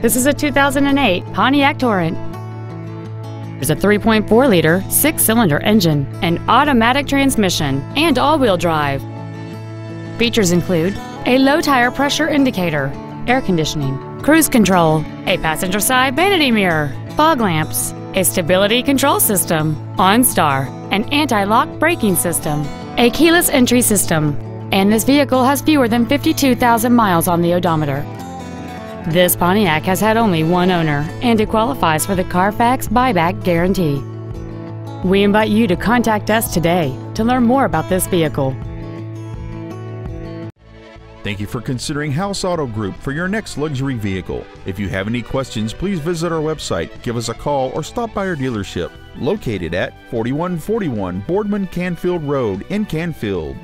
This is a 2008 Pontiac Torrent. There's a 3.4 liter, six cylinder engine, an automatic transmission, and all wheel drive. Features include a low tire pressure indicator, air conditioning, cruise control, a passenger side vanity mirror, fog lamps, a stability control system, OnStar, an anti-lock braking system, a keyless entry system, and this vehicle has fewer than 52,000 miles on the odometer. This Pontiac has had only one owner, and it qualifies for the Carfax buyback guarantee. We invite you to contact us today to learn more about this vehicle. Thank you for considering House Auto Group for your next luxury vehicle. If you have any questions, please visit our website, give us a call, or stop by our dealership located at 4141 Boardman Canfield Road in Canfield.